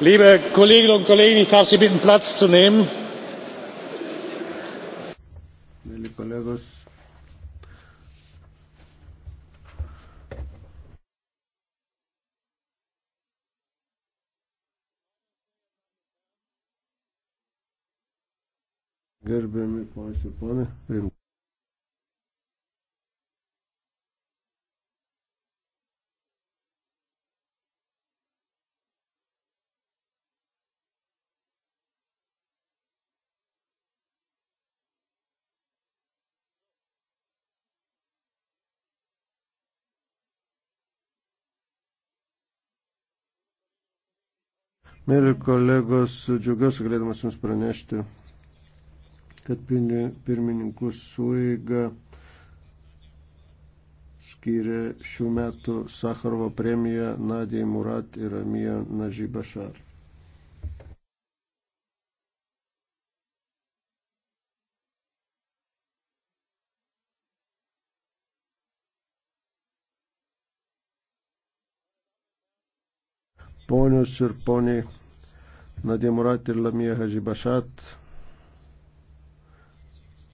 Liebe Kolleginnen und Kollegen, ich darf Sie bitten, Platz zu nehmen. Mėly kolegos, gerbiami ponai ir ponai. Mėly kolegos, džiaugiuosi galėdamas Jums pranešti, kad pirmininkų suiga skyrė šių metų Sakarovo premiją Nadijai Murat ir Amija Nažybašar. Ponius ir poniai. Nadia Murat ir Lamija Hažibašat